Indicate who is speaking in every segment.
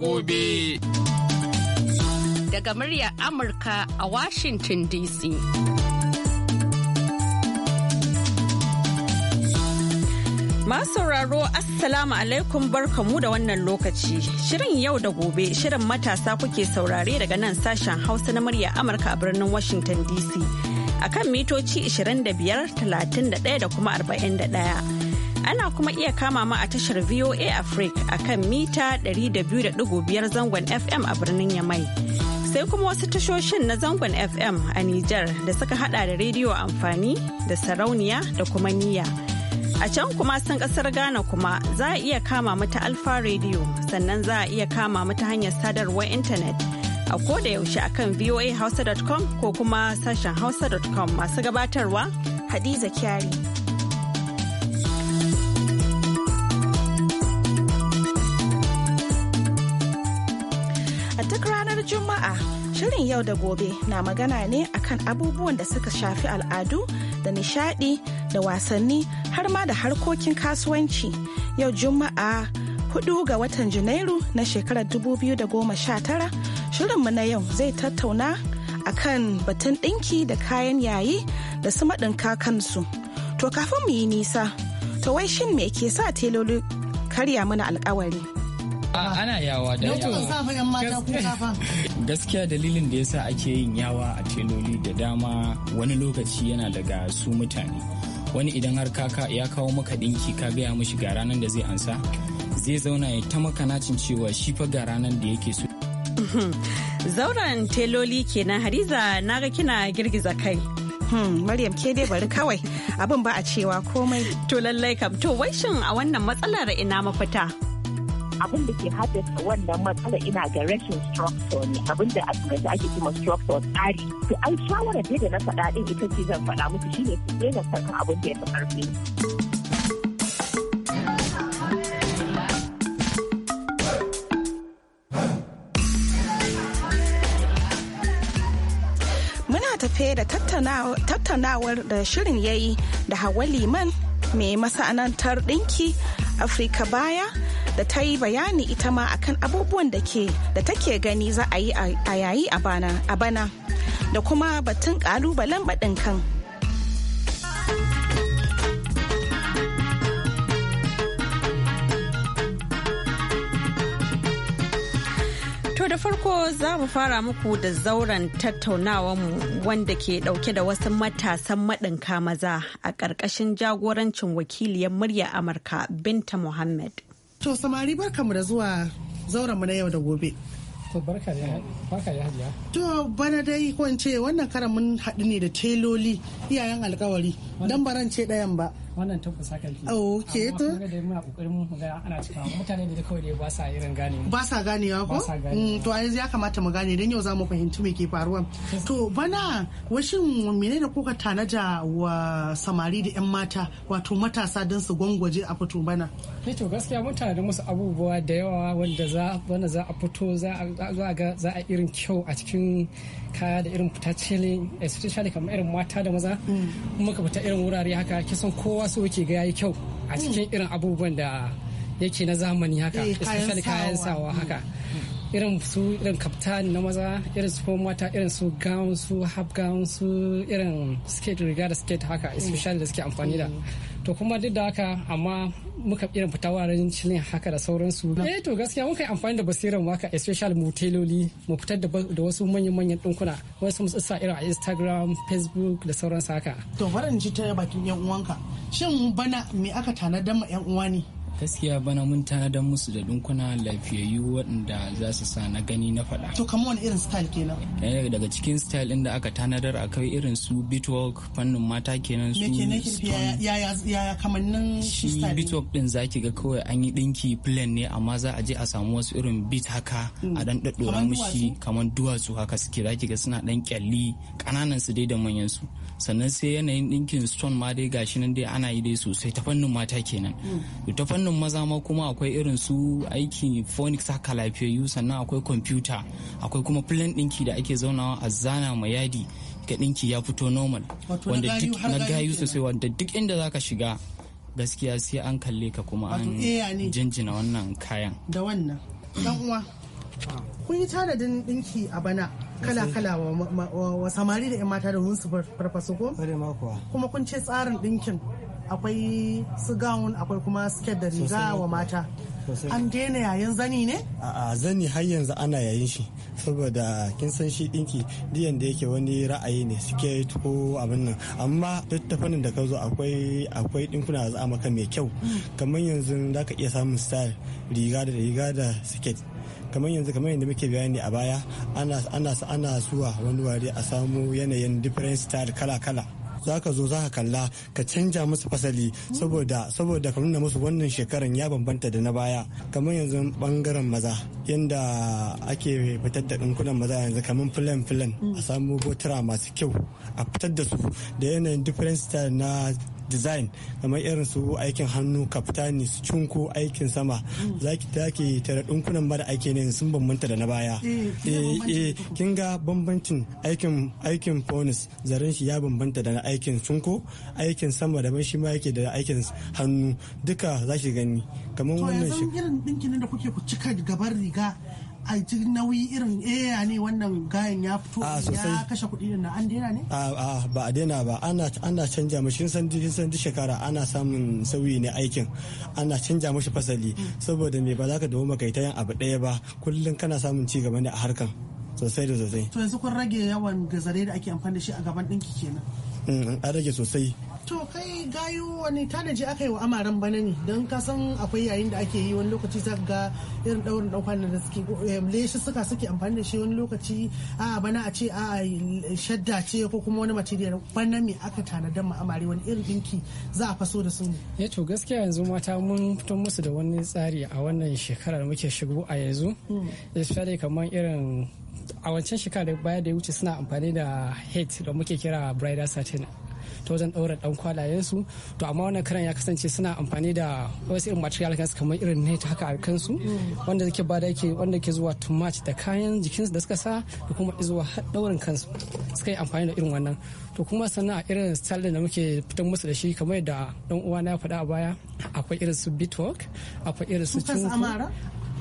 Speaker 1: gobe.
Speaker 2: Daga muryar Amurka a Washington DC. Masu sauraro Assalamu alaikum barkamu da wannan lokaci. Shirin yau da gobe shirin matasa kuke saurare daga nan sashen Hausa na murya Amurka a birnin Washington DC. akan mitoci 25, 31 da kuma 41. Ana kuma iya kama mu a tashar VOA Africa a kan mita 200.5 zangon FM a birnin Yamai. Sai kuma wasu tashoshin na zangon FM a Nijar da suka hada da rediyo amfani da sarauniya da kuma niyya. A can kuma sun kasar Ghana kuma za a iya kama mu ta Alfa Radio sannan za a iya kama mu ta hanyar sadarwar intanet a koda yaushe akan voahausa.com ko kuma sashen hausa.com masu gabatarwa Hadiza Kyari.
Speaker 3: Shirin yau da gobe na magana ne akan abubuwan da suka shafi al'adu da nishadi da wasanni har ma da harkokin kasuwanci. Yau Juma'a 4 ga watan Janairu na shekarar 2019 shirinmu na yau zai tattauna akan batun ɗinki da kayan yayi da su maɗinka kansu. To kafin mu yi nisa, to wai shin me ke sa teloli karya mana alkawari?
Speaker 1: ana yawa da yawa gaskiya dalilin da yasa ake yin yawa a teloli da dama wani lokaci yana daga su mutane wani idan har kaka ya kawo maka ɗinki ka gaya mishi ga ranar da zai ansa zai zauna ya ta makanacin cewa shi fa ga ranar da yake so
Speaker 2: zauren teloli kenan hariza na ga kina girgiza kai hmm, Maryam ke dai bari kawai abin ba a cewa komai. To lallai kam to wai shin a wannan matsalar ina mafita.
Speaker 4: abin da ke haddasa wannan matsala ina ga rashin structure ne abin da a da ake kuma structure tsari to ai shawarar da na faɗa din ita ce zan faɗa musu shine su daina sarkan abin da ya fi ƙarfi.
Speaker 3: tafe da tattaunawar da shirin ya yi da hawa liman mai masana'antar ɗinki afirka baya da ta yi bayani ita ma akan abubuwan da ke da take gani za a yi a yayi a bana da kuma batun kalubalen baɗin kan.
Speaker 2: To da farko za mu fara muku da zauren tattaunawanmu wanda ke dauke da wasu matasan maɗinka maza a ƙarƙashin jagorancin wakiliyar murya Amurka Binta Muhammad.
Speaker 5: To samari barkanmu da zuwa zauranmu na yau da gobe. To barka da hajiya. To bana dai ko ce wannan karan mun haɗu ne da teloli iyayen alkawari. dan baran ce dayan ba wannan tabbas haka ke oh, okay to da muna
Speaker 6: kokarin mu ga ana cika mutane da kawai da ba sa irin gane ba sa ganewa ko mm, to yanzu
Speaker 5: ya kamata mu gane dan yau za mu fahimci me ke faruwa to bana washin menene kuka tanaja wa samari da yan mata wato matasa don su gwangwaje a fito bana ne eh, to gaskiya mutane da musu abubuwa da yawa wanda za wanda za a fito za a ga
Speaker 6: za a irin kyau a cikin ka da irin fita cilin especially kamar irin mata da maza kuma mm. ka fita irin wurare haka kisan kowa so yake ga yayi kyau a mm. cikin irin abubuwan da yake na zamani haka eh, especially kayan sawa haka mm. irin su irin kaftan na maza irin su mata irin su gown su half gown su irin skate riga da skate haka especially da suke amfani da to kuma duk da haka amma muka irin fita wuraren cilin haka da sauransu eh to gaskiya muka yi amfani da basiran waka especially mu teloli mu fitar da wasu manyan manyan dinkuna wasu mu sa irin a Instagram Facebook da sauransu
Speaker 1: haka to barin ji ta bakin yan uwanka shin bana me aka tanadar ma yan uwa ne gaskiya bana mun tanadar musu da dunkuna lafiyayyu waɗanda za su sa na gani na faɗa
Speaker 5: to kamar wani irin style kenan
Speaker 1: ɗaya daga cikin style ɗin da aka tanadar akwai irin su beatwork fannin mata kenan su
Speaker 5: yaya kamannin shi
Speaker 1: beatwork ɗin za ki ga kawai an yi ɗinki plan ne amma za a je a samu wasu irin beat haka mm. a dan ɗaɗɗora mushi kamar duwatsu haka suke ki ga suna ɗan kyalli ƙananan su dai da manyan su sannan sai yanayin ɗinkin stone ma dai gashi nan dai ana yi dai sosai ta fannin mata kenan mm. to ta fannin fannin maza ma kuma akwai irin su aiki phonics haka lafiyayyu sannan akwai kwamfuta akwai kuma plan dinki da ake zaunawa a zana ma yadi ga dinki ya fito normal wanda duk na gayu sosai wanda duk inda zaka shiga gaskiya sai an kalle ka kuma an jinjina wannan kayan
Speaker 5: da wannan dan uwa kun yi tanadin dinki a bana kala-kala wa samari da 'yan mata da su farfasu ko? kuma kun ce tsarin dinkin akwai su gown akwai kuma skirt da riga wa mata an daina yayin zani ne
Speaker 7: a zani har yanzu ana yayin shi saboda kin san shi dinki diyan da yake wani ra'ayi ne suke ko abin nan amma duk ta fannin da ka zo akwai akwai dinkuna za maka mai kyau mm. kamar yanzu ka iya samun style riga da riga da skirt kamar yanzu kamar yadda muke bayani a baya ana ana ana suwa wani wari a samu yanayin different style kala kala za ka zo za ka kalla ka canja musu fasali saboda saboda ka nuna musu wannan shekaran ya bambanta da na baya kamar yanzu bangaren maza yanda ake fitar da dinkunan maza yanzu kamar filan filan a samu botura masu kyau a fitar da su da yanayin different style na design kamar irin su aikin hannu kaftani su cunko aikin sama za ki take tare dunkunan ba da ake ne sun bambanta da na baya eh, eh, eh kin ga bambancin aikin aikin bonus zaren shi ya bambanta da na aikin cunko aikin sama da ban shi ma yake da aikin hannu duka za ki gani kamar wannan shi
Speaker 5: irin dinkin da kuke ku cika gabar riga a ji nauyi irin eh ne wannan gayan ya fito ah, ya kashe kuɗi din an dena ne
Speaker 7: a ah, ah, ba a daina ba ana ana canja mashi san kin shekara ana samun sauyi ne aikin ana canja mashi fasali mm. saboda me ba za ka dawo makai ta yin abu ɗaya ba kullum kana samun ci gaba ne a harkan sosai da sosai
Speaker 5: to yanzu kun rage yawan gazare da ake amfani da shi a gaban ɗinki kenan
Speaker 7: mm, an rage sosai
Speaker 5: To kai gayu wani tanaji aka yi wa amaran bana ne don kasan akwai yayin da ake yi wani lokaci za ga irin daurin daukan da suke eh, leshi suka suke amfani da shi wani lokaci a bana a ce a shadda ce ko kuma wani material bana me aka tanadar ma amare wani irin dinki za a faso da su ne. Ya eh to gaskiya yanzu mata mun fito
Speaker 6: musu da wani tsari a wannan shekarar muke shigo a yanzu. Hmm. Especially kamar irin a wancan shekara da baya da ya wuce suna amfani da hate da muke kira bridal satin ta wajen ɗaura ɗan kwalayen su to amma wannan karan ya kasance suna amfani da wasu irin material kansu kamar irin net haka a kansu wanda yake bada yake wanda ke zuwa to match da kayan jikinsu da suka sa da kuma zuwa ɗaurin kansu suka yi amfani da irin wannan to kuma sannan a irin style da muke fitan musu da shi kamar da ɗan uwa na faɗa a baya akwai irin su bitwork akwai irin su cinku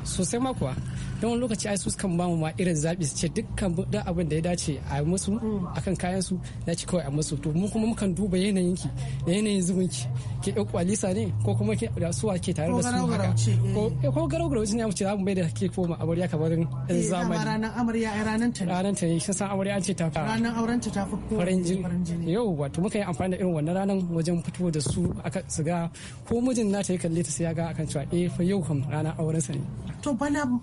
Speaker 6: sosai ma kuwa don wani lokaci ai su kan bamu ma irin zaɓi su ce dukkan duk abin da ya dace a yi musu akan kayan su na ci kawai a musu to mu kuma mukan duba yanayin ki da yanayin zubin ki ke ɗauko alisa ne ko kuma ke da suwa ke tare da su haka eh. ko eh, garau garau ne mu ce za mu bai da ke koma amarya kamar in eh, zamani ranar amarya ai ranar ta ranar ta ne shi san amarya an ce ta fa ranar
Speaker 5: auren ta ta fi farin
Speaker 6: jini yau wato muka yi amfani da irin wannan ranar wajen fito da su aka su ga ko mijin ta yi kalle ta sai ya ga akan cewa eh fa yau kam ranar auren sa ne
Speaker 5: to bana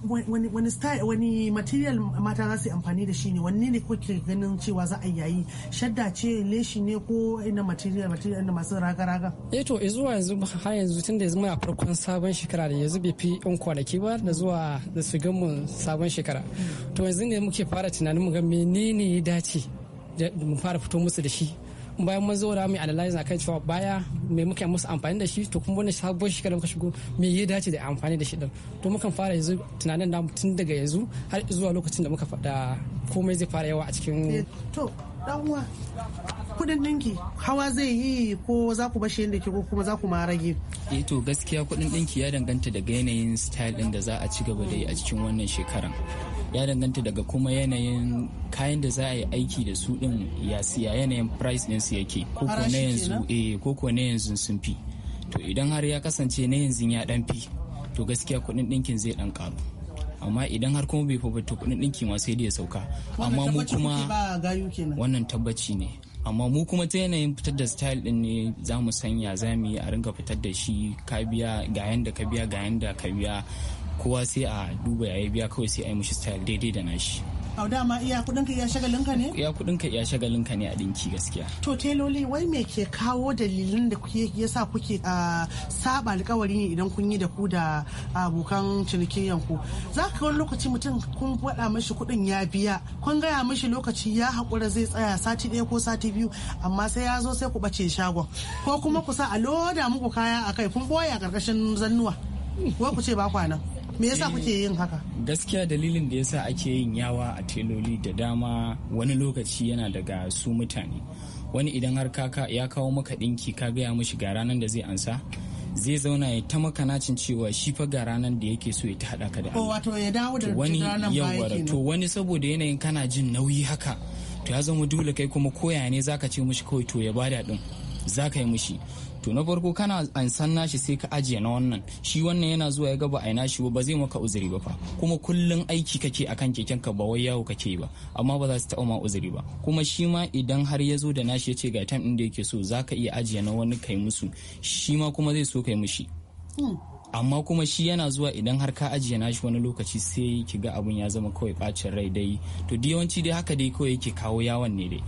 Speaker 5: wani style wani material mata za su amfani da shi ne wanne ne kuke ganin cewa za a yayi shadda ce leshi ne ko ina material material na masu raga raga
Speaker 6: eh to zuwa yanzu har yanzu tun da yanzu muna farkon sabon shekara da yanzu bai fi yan kwanaki ba da zuwa da su gamu sabon shekara to yanzu ne muke fara tunanin mu ga menene ya dace mu fara fito musu da shi bayan mun zo da mu analyze akan cewa baya me muke musu amfani da shi to kuma wani sabon kada muka shigo me ya dace da amfani da shi din to mukan fara yanzu tunanin namu tun daga yanzu har zuwa lokacin da muka
Speaker 5: faɗa komai zai fara yawa a cikin eh, to dan uwa kudin dinki hawa zai yi ko za ku bashi yadda ke ko kuma za ku ma rage eh to gaskiya kudin dinki
Speaker 1: ya danganta daga yanayin style din da za a ci gaba da yi a cikin wannan shekaran ya danganta daga kuma yanayin kayan da za a yi aiki da su din ya siya yanayin price din su yake ko na yanzu eh koko na yanzu sun fi to idan har ya kasance na yanzu ya dan fi to gaskiya kuɗin ɗinkin zai dan karu amma idan har kuma bai fafata kuɗin dinkin ma sai da ya sauka amma mu kuma wannan tabbaci ne amma mu kuma ta yanayin fitar da style din ne za mu sanya za mu yi a ringa fitar da shi ka biya ga yanda ka biya ga yanda ka biya kowa sai a duba ya biya kawai sai a yi mushi style daidai da nashi
Speaker 5: Au dama iya kudinka iya shagalinka ne?
Speaker 1: Iya kudinka iya shagalinka ne a dinki gaskiya.
Speaker 5: To teloli wai me ke kawo dalilin da kuke yasa kuke saba alƙawari ne idan kun yi da ku da abokan ciniki ku. Za ka wani lokaci mutum kun faɗa mashi kudin ya biya, kun gaya mashi lokaci ya haƙura zai tsaya sati ɗaya ko sati biyu amma sai ya zo sai ku ɓace shagon. Ko kuma ku sa a loda muku kaya a kai kun boye a ƙarƙashin zannuwa. Wai ku ce ba kwanan. me yasa kuke yin haka
Speaker 1: gaskiya dalilin da yasa ake yin yawa a teloli da dama wani lokaci yana daga su mutane wani idan har kaka ya kawo maka ɗinki ka gaya mishi ga ranar da zai ansa zai zauna ya ta makanacin cewa shi fa ga ranar da yake so ya ta hada ka da wato
Speaker 5: ya dawo da wani yawara to
Speaker 1: wani saboda yanayin kana jin nauyi haka to ya zama dole kai kuma koya ne zaka ce mishi kawai to ya bada din zaka yi mishi to na farko kana an san nashi sai ka ajiye na wannan shi wannan yana zuwa ya gaba a nashi ba zai maka uzuri ba fa kuma kullun aiki kake akan keken ka ba wai yawo kake ba amma ba za su taɓa ma uzuri ba kuma shi ma idan har ya zo da nashi ya ce ga time din da yake so zaka iya ajiye na wani kai musu shi ma kuma zai so kai mushi amma kuma shi yana zuwa idan har ka ajiye nashi wani lokaci sai ki ga abun ya zama kawai bacin rai dai to yawanci dai haka dai kawai yake kawo yawon ne dai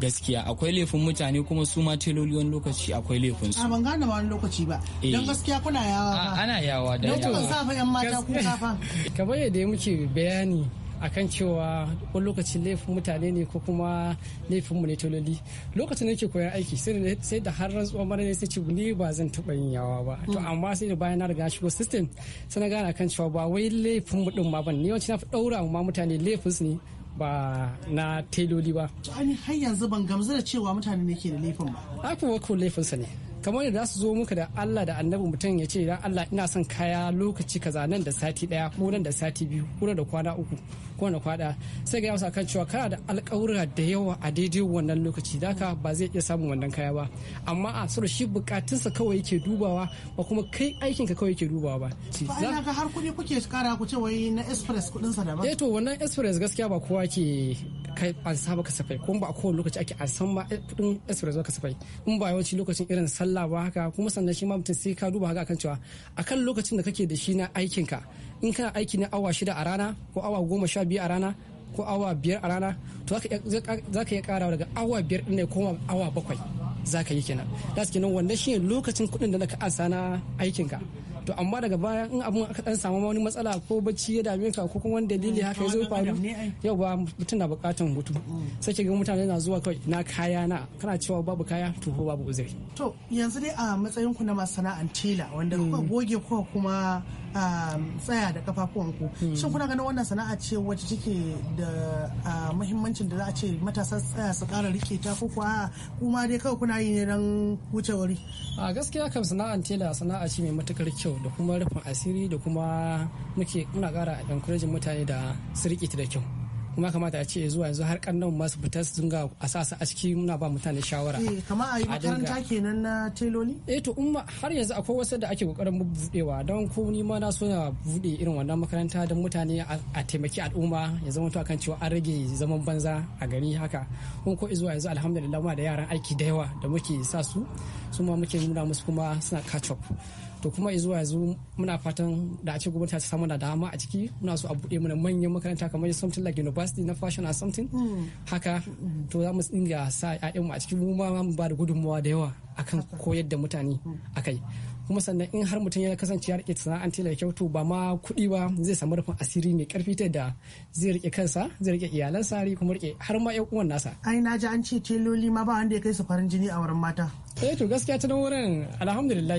Speaker 1: gaskiya akwai laifin mutane kuma su ma teloli wani lokaci akwai laifin su.
Speaker 5: A ban gane wani lokaci ba. Eh. Don gaskiya kuna yawa ba.
Speaker 1: Ana yawa da yawa. Lokacin safa yan mata ku safa.
Speaker 5: Kamar yadda muke bayani akan cewa
Speaker 6: wani lokacin laifin mutane ne ko kuma laifin mu ne tololi lokacin da nake koyan aiki sai da har rantsuwa mara ne sai ce ni ba zan taɓa yin yawa ba to mm. amma sai da bayan na riga shigo system sai na gane akan cewa ba wai laifin mu din ma ban ne yawanci na fi ɗaura ma mutane laifin su ne ba na teloli ba. To har yanzu ban gamsu da cewa mutane ne ke da laifin ba. Akwai wakon laifinsa ne. kamar yadda su zo muka da Allah da annabi mutum ya ce idan Allah ina son kaya lokaci kaza nan da sati daya ko nan da sati biyu ko da kwana uku ko da kwana sai ga yawsa kan cewa kana da alƙawura da yawa a daidai wannan lokaci daka ba zai iya samun wannan kaya ba amma a sura shi bukatunsa kawai yake dubawa ba kuma kai aikin ka kawai yake dubawa ba ba
Speaker 5: ka har kuɗi kuke kara ku ce wai na express kuɗinsa sa ba. eh to wannan express gaskiya
Speaker 6: ba kowa ke kai an saba kasafai kuma ba a kowane lokaci ake an san ma eh, kuɗin express ba kasafai in ba yawanci lokacin irin Allah ba haka kuma sannan shi ma mutum sai ka duba haka akan cewa akan lokacin da kake da shi na aikinka in kana aiki na awa shida a rana ko awa goma sha biyu a rana ko awa biyar a rana to za ka iya karawa daga awa biyar ɗin ne koma awa bakwai za ka yi kenan da nan wannan shi lokacin kuɗin da na ka ansa na aikinka to amma daga baya in abun aka dan samu wani matsala ko bacci ya dame ka ko kuma wani dalili haka ya zo faru yau ba mutum na bukatan hutu sai ke ga mutane na zuwa kai na kaya na kana cewa babu kaya
Speaker 1: to babu uzuri
Speaker 5: to yanzu dai a matsayin ku na masana'antila wanda ku mm. goge kuma Um, tsaya da kafafuwanku hmm. shin kuna ganin wannan sana'a ce wacce take da uh, muhimmancin da za a ce matasa tsaya su kara rike ta ko kuwa kuma dai kawai kuna yi ne dan wuce wuri a gaskiya kam sana'an tela sana'a ce mai matukar kyau da kuma
Speaker 6: rufin asiri da kuma muke muna kara encouraging mutane da su rike ta da kyau kuma kamata a ce zuwa yanzu har kannan masu fita su dinga a sa su a ciki muna ba mutane shawara eh kama a yi makaranta kenan na teloli eh to umma har yanzu akwai wasu da ake kokarin buɗewa don ko ni ma na so na buɗe irin wannan makaranta don mutane a taimaki al'umma ya zama to akan cewa an rage zaman banza a gari haka kun ko zuwa yanzu alhamdulillah ma da yaran aiki da yawa da muke sa su su ma muke nuna musu kuma suna catch up to kuma zuwa yanzu muna fatan da a ce gwamnati ta samu da dama a ciki muna so a buɗe mana manyan makaranta kamar something like university na fashion or something mm. haka to za mu dinga sa mu a ciki mu ma mu ba da gudunmawa da yawa akan koyar da mutane akai kuma sannan in har mutum ya kasance ya rike sana'anta da kyau to ba ma kuɗi ba zai samu rufin asiri mai karfi ta da zai rike kansa zai rike iyalansa sari kuma rike har ma ƴan uwan nasa
Speaker 5: ai na ji an ce teloli ma ba wanda ya kai su farin jini a
Speaker 6: wurin mata eh to gaskiya ta wurin alhamdulillah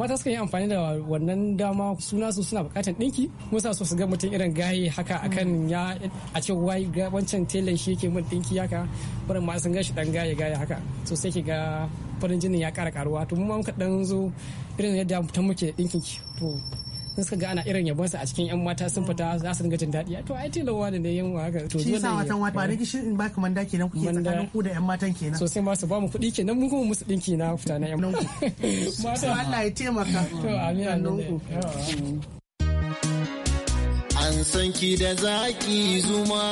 Speaker 6: mata suka yi amfani da wannan dama suna su suna bukatan dinki musa su ga mutum irin gaye haka akan mm. ya a ce wai wancan telan shi yake mun dinki haka barin ma sun ga shi dan gaye gaye haka so sai ki ga farin jinin ya kara karuwa to mun ka dan zo irin yadda ta muke dinkin to in suka ga ana irin yabon sa a cikin yan mata sun fita za su dinga jin daɗi to ai tilan wani ne yan wa haka to shi yasa watan wata ba nake
Speaker 5: shirin ba kaman manda kenan kuke tsakanin ku da yan matan kenan so sai ma su ba mu kuɗi kenan mun
Speaker 6: kuma musu dinki na fita na yan
Speaker 5: mata Allah ya taimaka to amin amin
Speaker 8: an san ki da zaki zuma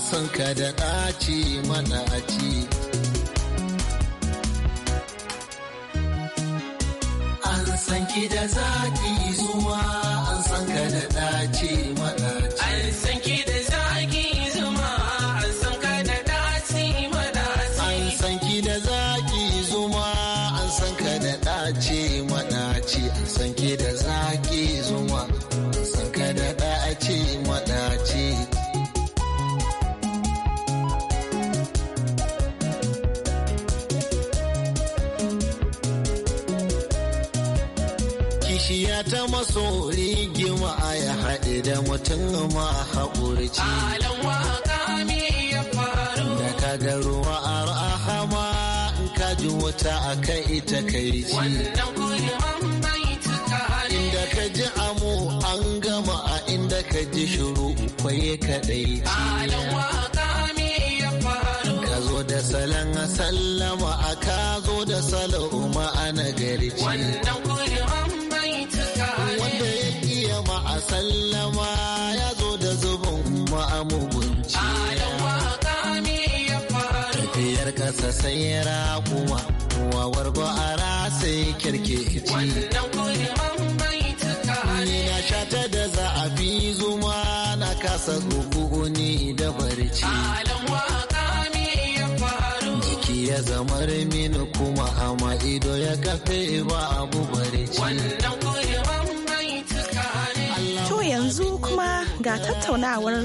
Speaker 8: san ka da ɗaci mana a ci. An san ki da zaki zuwa an san da ɗaci mana so gima a ya haɗe da mutum ma haƙurci. Alan waka mi ya faru. Da ka ga ruwa a rahama in ka ji wuta a kai ita kai ci. Wannan kurman bai tuka Inda ka ji amo an gama a inda ka ji shiru kwaye kaɗai. Alan waka mi ya faru. Ka zo da salon sallama a ka zo da salo a gari ci. Wannan kurman sallama ya zo da zubin mugunci. tafiyar kasa sai rakuwa kuwa wargo a rasa kirkeci na shata da za a fi zuma na kasa tsoku da barci jiki ya zamar mini kuma amma ido ya kafe ba abu barci
Speaker 3: ga tattaunawar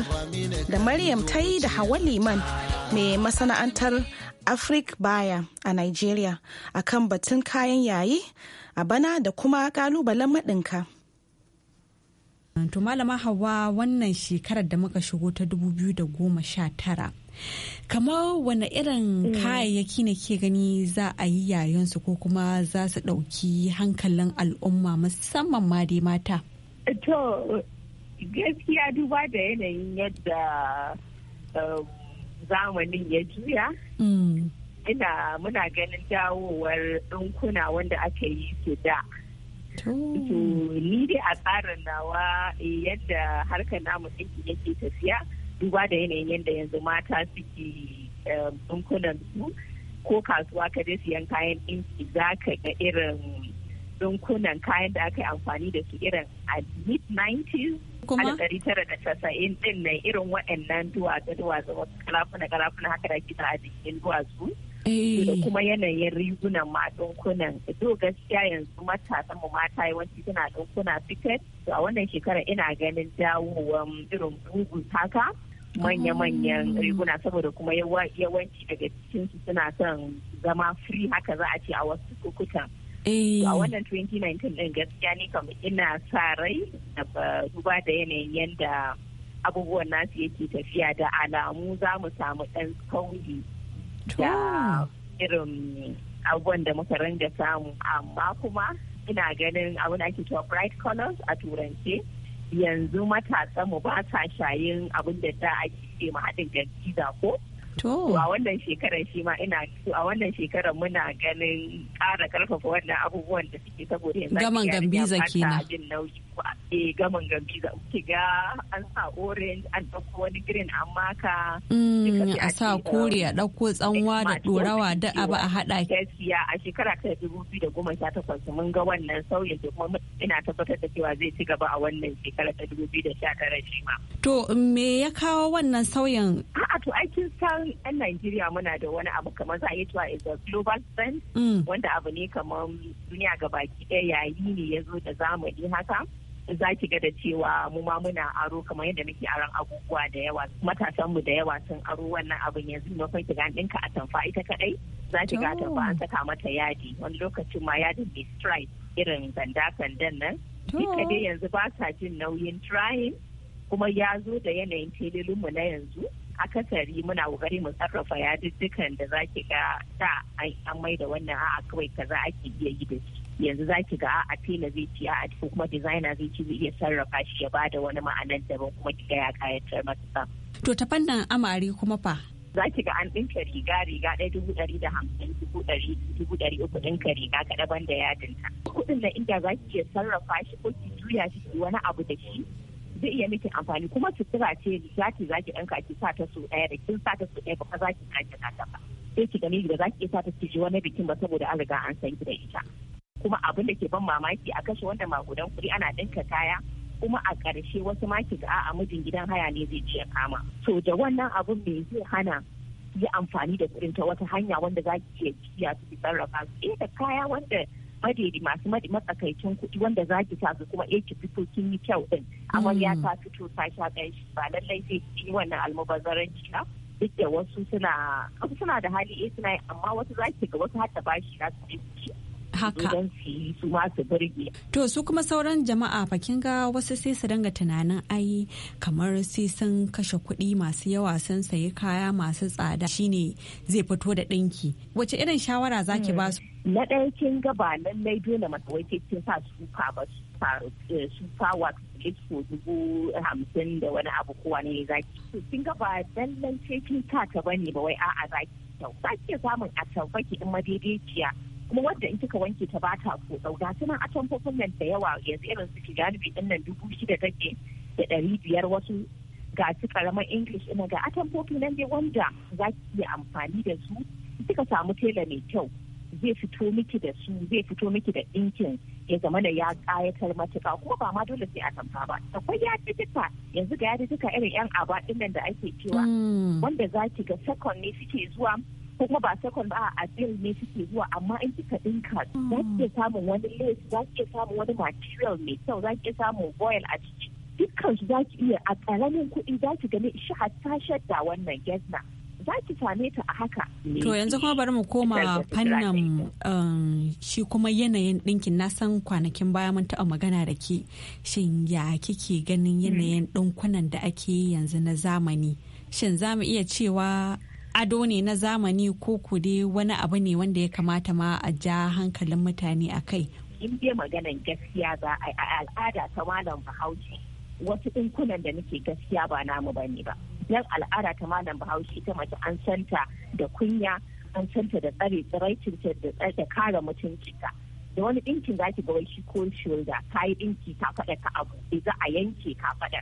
Speaker 3: da Maryam ta yi da Hawa Liman mai masana'antar Afrik Baya a Nigeria a kan batun kayan yayi a
Speaker 2: bana da kuma kalubalen maɗinka. To malama Hawa wannan shekarar da muka shigo ta 2019 kamar wane irin mm. kayayyaki ne ke gani za a yi yayansu ko kuma za su ɗauki hankalin al'umma musamman ma dai mata.
Speaker 4: gaskiya duba da yanayin yadda um, zamanin ya juya mm. ina muna ganin dawowar ɗinkuna wanda aka yi su da ni dai a tsarin nawa eh, yadda harkar namu ɗinki yake tafiya duba da yanayin yadda yanzu mata suke um, ɗinkunan su ko kasuwa ka dai siyan kayan ɗinki za ka ga irin dunkunan kayan da aka yi amfani da su irin a mid 90s a ɗari tara da casa'in ɗin irin waɗannan duwatsu duwatsu karafuna karafuna haka da kita a jikin duwatsu eh. da kuma yanayin rigunan ma dunkunan do gaskiya yanzu matasan mu mata yawanci suna dunkuna fitet to a wannan shekara ina ganin dawowan irin bugun haka manya-manyan ah. riguna saboda kuma yawanci daga cikinsu suna son zama free haka za a ce a wasu kukutan. Eh. a wannan 2019 din gaskiya ne kam ina sa rai duba da yanayin yadda abubuwan nasu yake tafiya da alamu za mu samu ɗan sauri da irin abubuwan da muka ranga samu amma kuma ina ganin abin ake cewa bright colors a turance yanzu matasa mu ba sa shayin abin da da ake ce ma haɗin gantiza ko To a wannan shekarar muna ganin ƙara ƙarfafa wannan abubuwan da suke saboda yanzu gaman abin nauyi. e gaman gambi za ki ga an sa orange an dauko wani green an maka mm, a sa kore um, a dauko tsanwa da dorawa da abu a hada gaskiya a shekara ta dubu biyu da goma sha takwas mun ga wannan sauyin da kuma ina tabbatar da cewa zai ci gaba a wannan shekara ta dubu biyu da sha tara shi ma. to me ya kawo wannan sauyin. a'a to aikin san yan najeriya muna da wani abu kamar za a yi cewa is a global trend mm. wanda abu ne kamar duniya gabaki ɗaya yayi ne ya zo da zamani haka za ki ga da cewa mu ma muna aro kamar yadda muke aron abubuwa da yawa matasan mu da yawa sun aro wannan abin yanzu na kai ki ɗinka a tamfa ita kadai za ki ga tamfa an saka mata yadi wani lokacin ma yadin mai strike irin zanda sandan nan duka dai yanzu ba sa jin nauyin trying kuma ya zo da yanayin mu na yanzu a akasari muna kokari mu sarrafa yaduddukan da za ki ga da an mai da wannan a'a kawai kaza ake iya yi da shi yanzu za ki ga a tela zai ci a ko kuma designer zai ci zai iya sarrafa shi ya bada wani ma'anar daban kuma ki ga ya kayatar masa.
Speaker 2: To ta fannin amare kuma fa
Speaker 4: za ki ga an ɗinka riga riga ɗaya dubu ɗari da hamsin dubu ɗari dubu ɗari uku ɗinka riga kaɗa ban da yadinta. Kuɗin na inda za ki iya sarrafa shi ko ki juya shi wani abu da shi zai iya miki amfani kuma sutura ce za ki za ki ɗanka ki sa ta su ɗaya da kin sa ta su ɗaya ba za ki kaje na ta ba. Sai ki gani da za ki iya sa ta ki ji wani bikin ba saboda an riga an san ki da ita. kuma abin da ke ban mamaki a kashe wanda magudan kuɗi ana ɗinka kaya kuma a ƙarshe wasu ma ki ga a mijin gidan haya ne zai ce kama to da wannan abin me zai hana yi amfani da kuɗin ta wata hanya wanda za ki iya jiya su ki sarrafa su eh da kaya wanda madidi masu matsakaicin kuɗi wanda za ki kuma eh ki fito kin yi kyau din amarya hmm. ta fito ta sha shi ba lallai sai ki wannan almubazzaranci ba duk da wasu suna suna da hali eh suna yi amma wasu za ki ga wasu har bashi za su ci haka
Speaker 2: to su kuma sauran jama'a fakin ga wasu sai su dinga tunanin ai kamar sai sun kashe kuɗi masu yawa sun sayi kaya masu tsada shine zai fito da ɗinki wace irin shawara
Speaker 4: zaki hmm. ba su na ɗaya kin ga ba lallai dole mata wai kin sa su ka ba su eh, wa ko dubu hamsin da wani abu kowa ne zaki kin ga ba lallai sai kin sa ta bane ba wai a'a zaki kyau zaki samun a tabaki in madaidaiciya kuma wanda in kika wanke ta bata ko tsau ga tunan atamfofin nan da yawa yanzu irin su galibi din nan dubu shida take da ɗari biyar wasu ga su karamar english ina ga atamfofi nan dai wanda za ki iya amfani da su kika samu tela mai kyau zai fito miki da su zai fito miki da ɗinkin ya zama da ya ƙayatar matuƙa kuma ba ma dole sai a tamfa ba akwai yadidduka yanzu ga ya yadidduka irin yan aba nan da ake cewa mm. wanda za ki ga second ne suke zuwa kuma ba second ba a bill ne suke zuwa amma in kika dinka za ki mm. iya samun wani lace za ki iya samun wani material mai kyau za ki iya samun boil a ciki dukkan su za ki iya a ƙaramin kuɗi za ki gani shi hatta shadda wannan gesna za ki same ta a haka. To yanzu
Speaker 2: kuma bari mu koma fannin um, shi kuma yanayin ɗinkin na san kwanakin baya mun taɓa magana da ke shin ya kike ganin mm. yanayin ɗinkunan da ake yanzu na zamani. Shin za mu iya cewa ado ne na zamani ko ku dai wani abu ne wanda ya kamata ma a ja hankalin mutane a kai
Speaker 4: in dai maganan gaskiya za a al'ada ta malam bahaushe wasu dinkunan da nake gaskiya ba namu ba ne ba don al'ada ta malam bahaushe ta mace an santa da kunya an santa da tsare tsiraicinta da tsare kare ka da wani ɗinkin za ki ga wai shi ko shoulder ka yi ɗinki ka faɗa ka abu za a yanke ka faɗa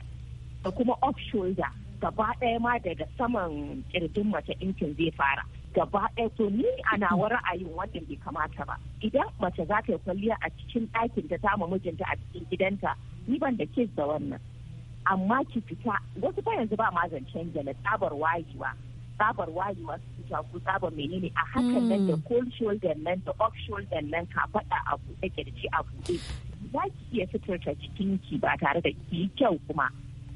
Speaker 4: da kuma off shoulder gaba ɗaya ma daga saman kirjin mace ɗinkin zai fara gaba ɗaya to ni a nawa ra'ayin wannan bai kamata ba idan mace za ta yi kwalliya a cikin ɗakin ta tama mijinta a cikin gidanta ni ban da kes da wannan amma ki fita wasu ba yanzu ba ma zancen tsabar wayewa tsabar wayewa su fita ko tsabar menene a hakan nan da mm. cold shoulder nan da off shoulder nan ka faɗa a buɗe kirji a buɗe za ki iya fitar ta cikin ki ba tare da ki kyau kuma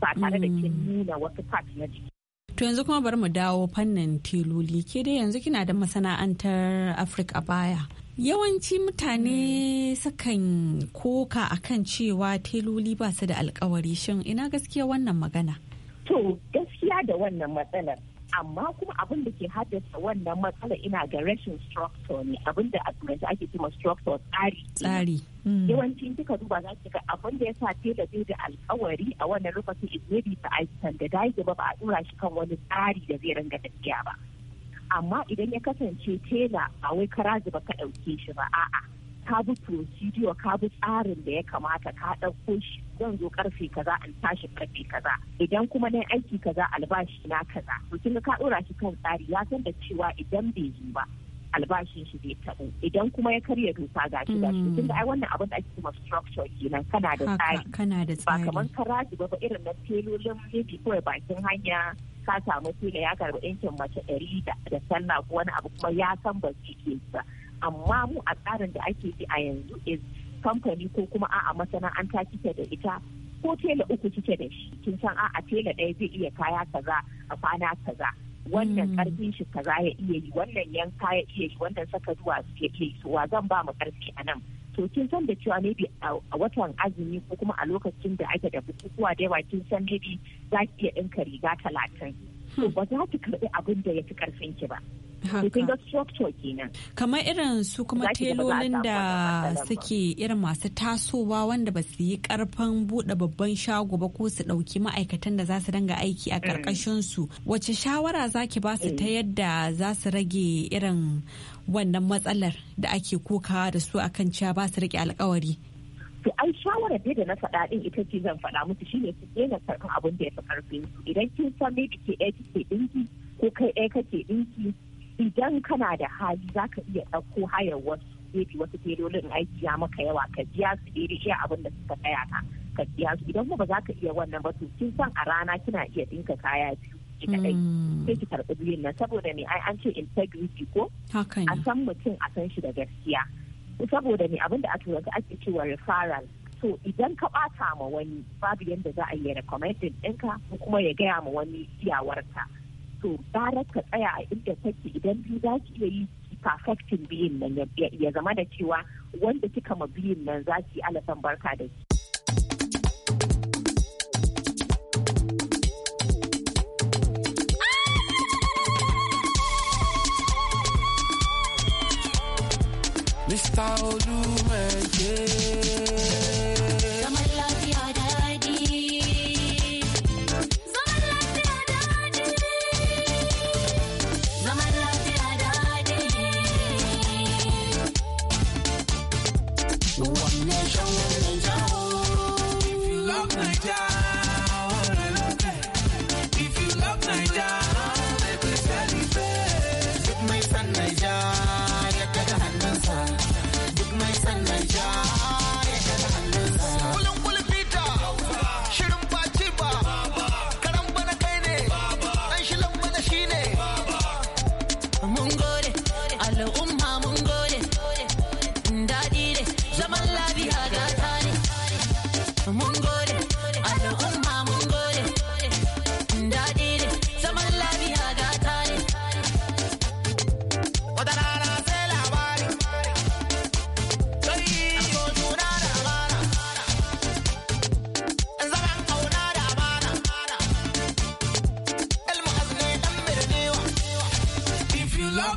Speaker 4: ba tare da kin mm. nuna wasu part na jiki
Speaker 2: To yanzu kuma bari mu dawo fannin tiloli ke dai yanzu kina da masana'antar Afirka baya. Yawanci mutane mm. sukan koka akan cewa teloli ba su da alkawari shin ina gaskiya wannan magana?
Speaker 4: To gaskiya da wannan matsalar amma kuma abin da ke haddasa wannan matsala ina ga rashin structure ne abin da a ake cewa structure tsari tsari mm. yawancin kika duba za ki ga abin da ya sa tela zai da alkawari a wannan lokacin is maybe ta aikatan da dai ba ba a dora shi kan wani tsari da zai ranga tafiya ba amma idan ya kasance tela a wai kara ba ka ɗauke shi ba a'a ka bi procedure ka bi tsarin da ya kamata ka ɗauko shi zan zo karfe kaza in tashi karfe kaza idan kuma na aiki kaza albashi na kaza to kin ka dora shi kan tsari ya san da cewa idan bai yi ba albashin shi zai taɓo idan kuma ya karya doka ga shi ga shi tunda mm. ai wannan abin da ake kuma structure kenan kana da tsari kana da tsari ba kaman karaji ba ba irin na telolin maybe kawai bakin hanya ka samu tela ya karɓi ɗinkin mace ɗari da sallah ko wani abu kuma ya san ba zai ke ba amma mu a tsarin da ake yi a yanzu is kamfani ko kuma a'a masana'anta kike da ita ko tela uku kike da shi kin san a'a tela ɗaya zai iya kaya kaza a kwana kaza wannan karfin hmm. shi kaza ya iya yi wannan yanka ya iya yi wannan saka duwatsu ya iya yi wa zan ba mu karfi a nan to kin san da cewa maybe a watan azumi ko kuma a lokacin da ake da bukukuwa da yawa kin san maybe za ki iya ɗinka riga talatin to hmm. ba za ki karɓi abin da ya fi karfin ki ba kin
Speaker 2: kamar irin su kuma telolin da suke irin masu tasowa wanda ba su yi karfan bude babban shago ba ko su dauki ma'aikatan da za su dinga aiki a karkashin eh. su wace shawara ki ba su ta eh. yadda za su rage irin wannan matsalar da ake kokawa da su akan cewa ba su rike alkawari
Speaker 4: to ai shawarar da na faɗa din ita ce zan faɗa musu shine su daina karɓar abin da ya fi karfin su idan kin san me kike ɗaya kike ɗinki ko kai ɗaya kake ɗinki idan kana da hali za ka iya ɗauko hayar wasu maybe wasu filolin aiki ya maka yawa ka biya su daidai iya abin da suka tsaya ka ka biya su idan kuma ba za ka iya wannan ba to kin san a rana kina iya ɗinka kaya biyu ki kadai hmm. sai ki karɓi biyun nan saboda me ai an ce integrity ko a san mutum a san shi da gaskiya saboda me abin da ake turanci ake cewa referral so idan ka ɓata ma wani babu yadda za a yi recommended ɗinka ko kuma ya gaya ma wani iyawarta. to gara ka tsaya a inda take idan biyu za ki iya yi perfecting biyun nan ya zama da cewa wanda kika ma biyun nan za ki alasan barka da shi.
Speaker 8: Mr. Olumeje.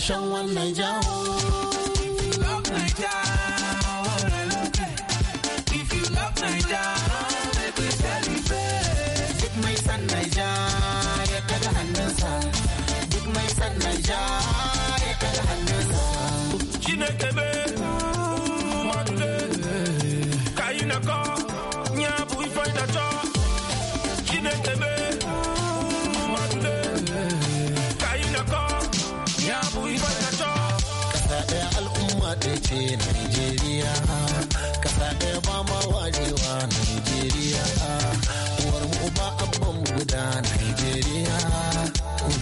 Speaker 8: 上万美加 ce Najeriya kasa ɗaya ba ma wajewa Najeriya uwar mu ba abban guda Najeriya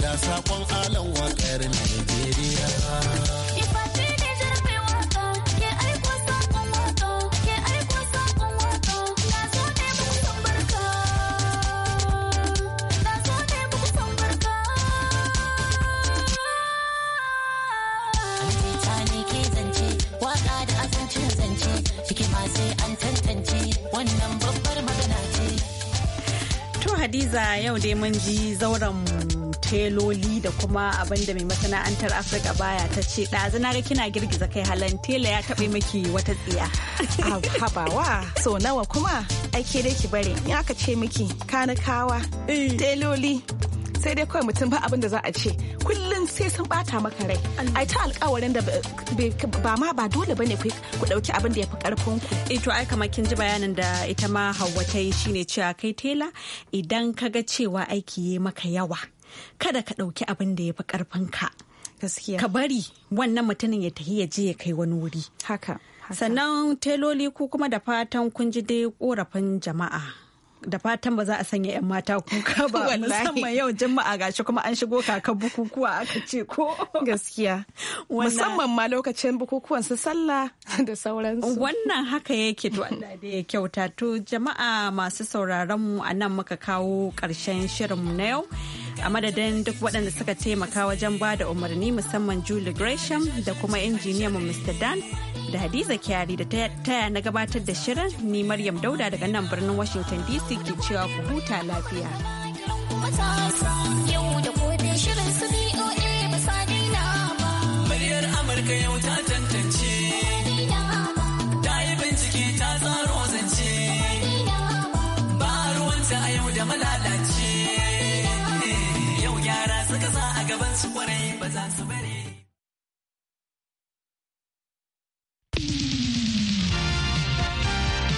Speaker 8: da sakon alan wakar Najeriya
Speaker 4: sai an
Speaker 2: tantance wannan babbar magana ce. To Hadiza yau dai mun ji zauren teloli da kuma abin da mai masana'antar Afirka baya ta ce ɗazu na ga kina girgiza kai halan tela ya taɓa miki wata tsiya. Habawa
Speaker 3: so nawa kuma ake dai ki bare. in aka ce miki kanikawa eh. teloli sai dai kawai mutum ba abin da za a ce kullum sai sun bata maka rai ai ta
Speaker 2: alkawarin da ba ma ba dole bane ku ku dauki abin da yafi karfin ku eh to ai kamar kin ji bayanin da ita ma Hauwa ta yi shine cewa kai tela idan ka ga cewa aiki yayi maka yawa kada ka dauki abin da yafi karfin ka gaskiya ka bari wannan mutumin ya tafi ya je ya kai wani wuri haka sannan teloli ku kuma da fatan kun ji dai korafin jama'a da fatan ba za a sanya 'yan mata kuka ba musamman
Speaker 3: yau juma'a gashi kuma an shigo kaka bukukuwa aka ce ko gaskiya musamman ma lokacin bukukuwan su sallah da sauransu wannan
Speaker 2: haka yake to Allah da ya kyauta to jama'a masu sauraron mu a nan muka kawo karshen shirin na yau a madadin duk waɗanda suka taimaka wajen ba da umarni musamman Julie Gresham da kuma injiniyan mu Mr. Dan da Hadiza Kyari da taya na gabatar da shirin ni Maryam Dauda daga nan birnin Washington DC ke cewa ku huta lafiya.
Speaker 8: Muryar Amurka yau ta